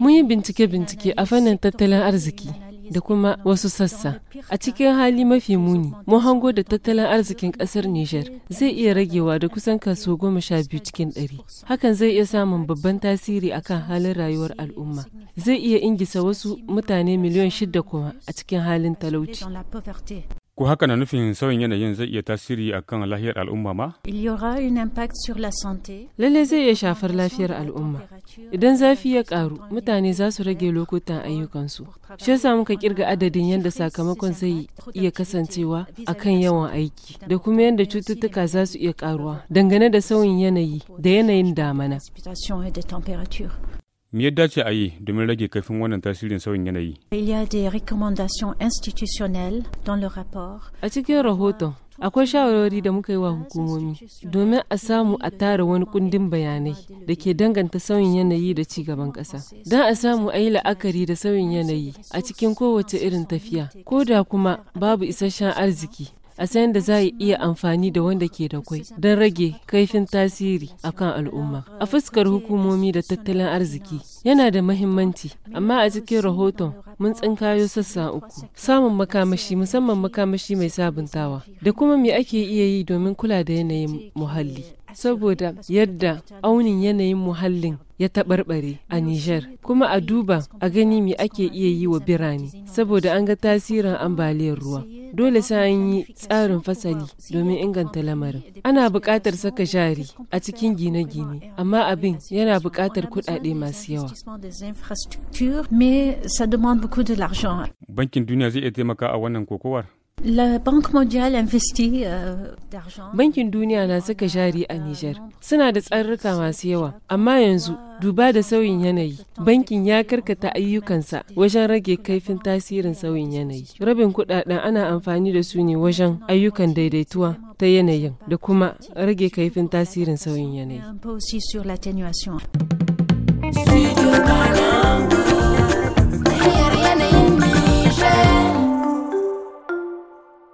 Mun yi bincike-bincike a fannin tattalin arziki da kuma wasu sassa. A cikin hali mafi muni, mun hango da tattalin arzikin ƙasar Nijar zai iya ragewa da kusan kaso goma sha biyu cikin ɗari. Hakan zai iya samun babban tasiri a kan halin rayuwar al'umma. Zai iya ingisa wasu mutane miliyan shida kuma a cikin halin talauci. Ko haka na nufin sauyin yanayin zai iya tasiri a kan lafiyar al'umma ma? Lalle zai iya shafar lafiyar al'umma. Idan zafi ya karu, mutane za su rage lokutan ayyukansu. Shi yasa muka kirga adadin yadda sakamakon zai iya kasancewa a kan yawan aiki, da kuma yadda cututtuka za su iya karuwa dangane da sauyin yanayi da yanayin damana. Me ya dace a yi domin rage kaifin wannan tasirin sauyin yanayi? A cikin rahoton, akwai shawarwari da muka yi wa hukumomi domin a samu a tara wani kundin bayanai da ke danganta sauyin yanayi da ci gaban ƙasa. Don a samu a yi la'akari da sauyin yanayi a cikin kowace irin tafiya, ko da kuma babu isasshen arziki a san da za a iya amfani da wanda ke da kwai don rage kaifin tasiri a kan al'umma a fuskar hukumomi da tattalin arziki yana da mahimmanci amma a cikin rahoton mun tsinkayo sassa uku samun makamashi musamman makamashi mai sabuntawa da kuma me ake iya yi domin kula da yanayin muhalli saboda yadda aunin yanayin muhallin ya taɓarɓare a Nijar kuma a duba a gani me ake iya yi wa birane saboda an ga tasirin ambaliyar ruwa dole sai an yi tsarin fasali domin inganta lamarin. Ana buƙatar saka jari a cikin gine-gine, amma abin yana buƙatar kuɗaɗe masu yawa. Bankin Duniya zai iya taimaka a wannan kokowar? Euh, bankin Duniya na saka jari a Nijar. Suna da tsarruka masu yawa, amma yanzu duba da sauyin yanayi, bankin ya karkata ayyukansa wajen rage kaifin tasirin sauyin yanayi. Rabin kudaden ana amfani da su ne wajen ayyukan daidaituwa ta yanayin da kuma rage kaifin tasirin sauyin yanayi.